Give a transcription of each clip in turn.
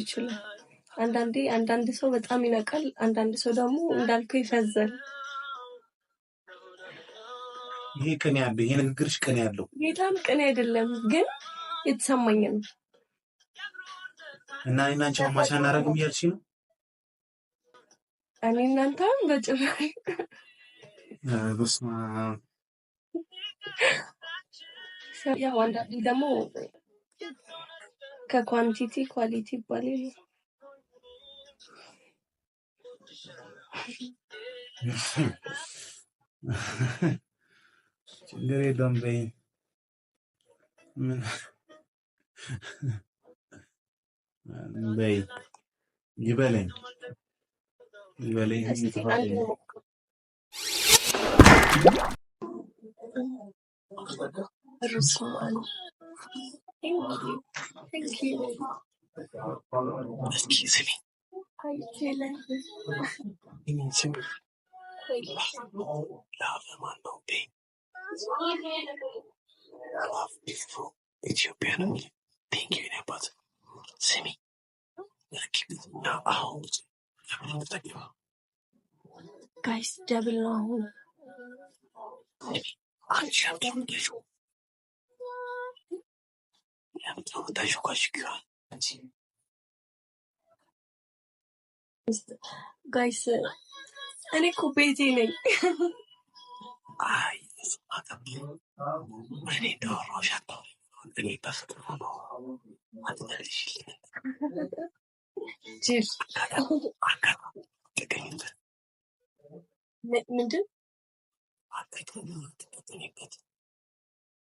ይችላል። አንዳንዴ አንዳንድ ሰው በጣም ይነቃል፣ አንዳንድ ሰው ደግሞ እንዳልኩ ይፈዛል። ይሄ ቅን ያለው ይሄ ንግግርሽ ቅን ያለው ጌታም ቅን አይደለም ግን የተሰማኝ ነው። እና እኔ እናንተ ማሻ እያልሽ ነው። እኔ እናንተም በጭራሽ በስማ ያው አንዳንዴ ደግሞ ككوانتيتي كواليتي بالي شنري دوم بين من بين جبلين جبلين Thank you. Thank you. Excuse me. Hi, love You mean to me? Love Amando B. Love beautiful Ethiopian. Thank you, but see me. Keep it now out. Guys, double long. I just give you. ጋይስ እኔ እኮ ቤቴ ነኝ።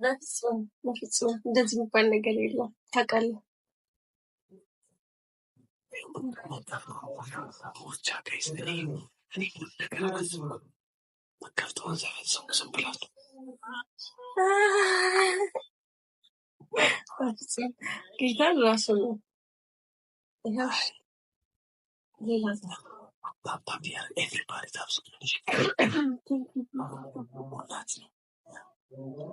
በፍጹም በፍጹም እንደዚህ የሚባል ነገር የለም። ታውቃለህ፣ በፍጹም ጌታን ራሱ ነው። ሌላ ነው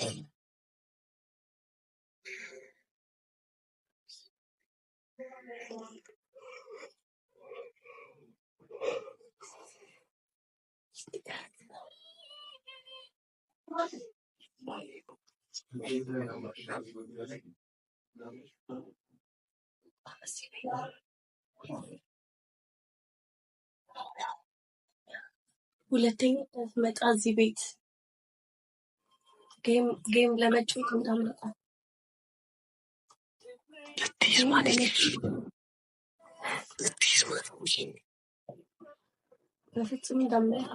pain. ሁለተኛ ዕለት መጣ እዚህ ቤት። ጌም ለመጫወት እንዳመጣ በፍጹም እንዳመጣ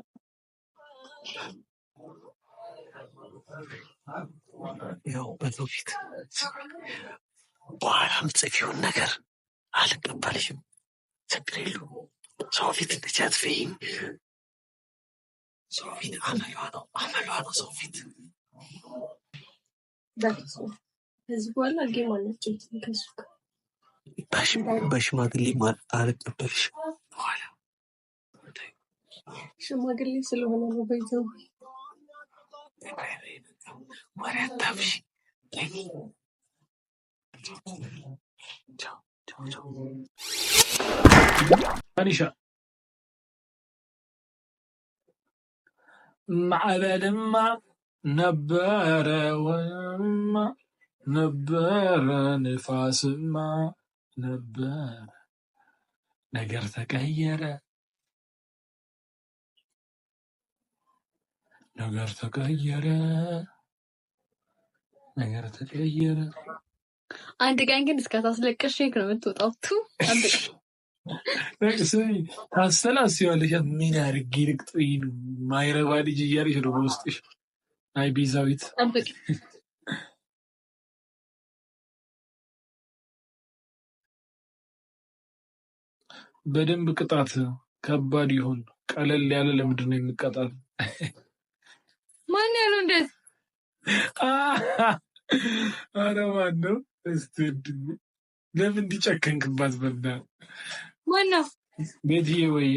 ያው በፊት በኋላ ምጽፊውን ነገር አልቀበልሽም። ችግር የለውም። ሰው ፊት እንደዚህ አትፈይም። ሰው ፊት አመሏ ነው፣ አመሏ ነው ሰው ፊት ከዚህ በኋላ ጌም አልመቸኝም በሽማግሌ አልቀበልሽ። ሽማግሌ ስለሆነ ነው። በይዘው ወሬ አታብሽ። አኒሻ ማዕበልማ ነበረ ወማ ነበረ ንፋስማ ነበረ ነገር ተቀየረ ነገር ተቀየረ ነገር ተቀየረ። አንድ ቀን ግን እስከ ታስለቀሽ ነው የምትወጣው። ቱ ታሰላስያለሽ ምን አድርጌ ልቅጥ ማይረባ ልጅ እያለሽ ነው በውስጥሽ አይ ቤዛዊት በደንብ ቅጣት ከባድ ይሆን ቀለል ያለ ለምንድን ነው የሚቀጣት? ማን ያለው እንደዚህ? ኧረ ማን ነው እስቲ ለምን እንዲጨከንክባት በዳ ማን ነው ቤትዬ? ወይ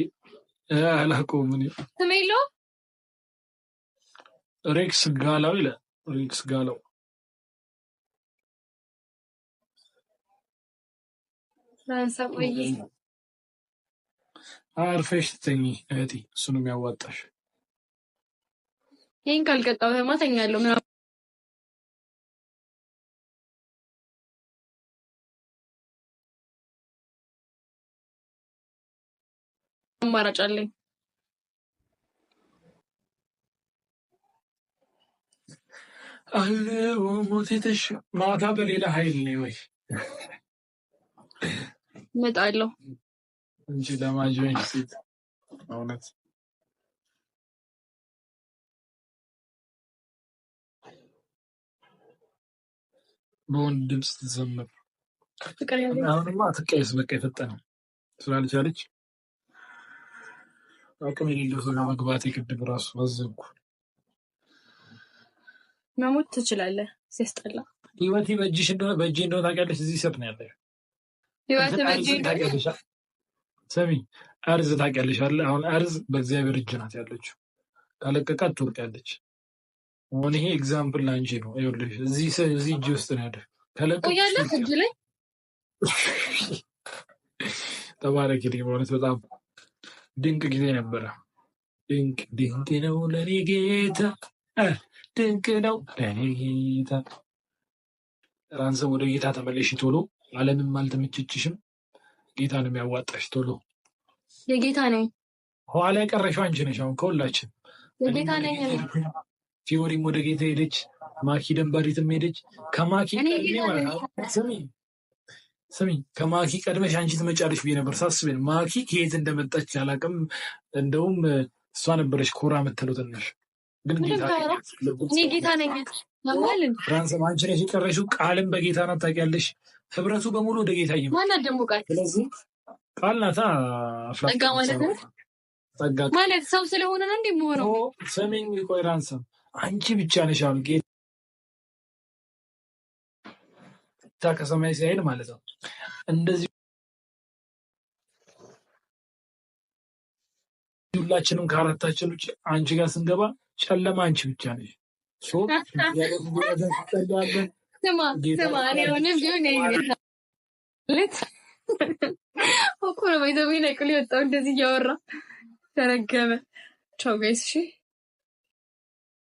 አላውቀውም ሬክስ ጋላው ይላል። ሬክስ ጋላው አርፈሽ ትተኝ እህቴ፣ እሱን የሚያዋጣሽ ይህን ካልቀጣው ማተኛ ያለው ምናምን አማራጭ አለኝ። ሞቴተሽ ማታ በሌላ ሀይል ነ ወይ እመጣለሁ እንጂ ለማጆኝ ሴት እውነት በወንድ ድምፅ ትዘምር። አሁንማ ትቀይስ በቃ የፈጠነ ስላልቻለች አቅም የሌለው ሰው ለመግባት የግድብ ራሱ አዘንኩ። መሞት ትችላለህ። ሲያስጠላ ህይወት በእጅሽ እንደሆነ በእጅ እንደሆነ ታውቂያለሽ። እዚህ ስር ነው ያለ ህይወት በእጄ ሰሚ እርዝ ታውቂያለሽ አለ። አሁን እርዝ በእግዚአብሔር እጅ ናት ያለችው፣ ካለቀቃት ትወርቃለች። አሁን ይሄ ኤግዛምፕል ለአንቺ ነው። ይኸውልሽ እዚህ እጅ ውስጥ ነው ያለ። ከለቆያለህ እጅ ላይ ተባረክ። በእውነት በጣም ድንቅ ጊዜ ነበረ። ድንቅ ድንቅ ነው ለኔ ጌታ ድንቅ ነው ጌታ። ራንሰም ወደ ጌታ ተመለሽ ቶሎ። ዓለምም አልተመቸችሽም፣ ጌታ ነው የሚያዋጣሽ ቶሎ። የጌታ ነኝ። ኋላ የቀረሽው አንቺ ነሽ። አሁን ከሁላችን የጌታ ነኝ። ፊዮሪም ወደ ጌታ ሄደች፣ ማኪ ደንባሪትም ሄደች። ከማኪ ስሚ ከማኪ ቀድመሽ አንቺ ትመጫለሽ ብዬ ነበር ማኪ ከየት እንደመጣች እንደውም እሷ ነበረች ኮራ የምትለው ትንሽ ጌታ ነኝ ራንሰም አንቺ ነሽ የቀረሽው። ቃልም በጌታ ናት ታውቂያለሽ። ህብረቱ በሙሉ ወደ ጌታ ይ ስለዚህ ቃል ናታ ጸጋ ማለት ሰው ስለሆነ ነው ቆይ ራንሰም አንቺ ብቻ ነሽ ጌታ ከሰማይ ማለት ነው እንደዚህ ሁላችንም ከአራታችን ውጭ አንቺ ጋር ስንገባ ጨለማ አንቺ ብቻ ነሽ። ሆነ ባይዘቤ ነቅል የወጣው እንደዚህ እያወራ ተረገመ። ቻው ጋይስ እሺ።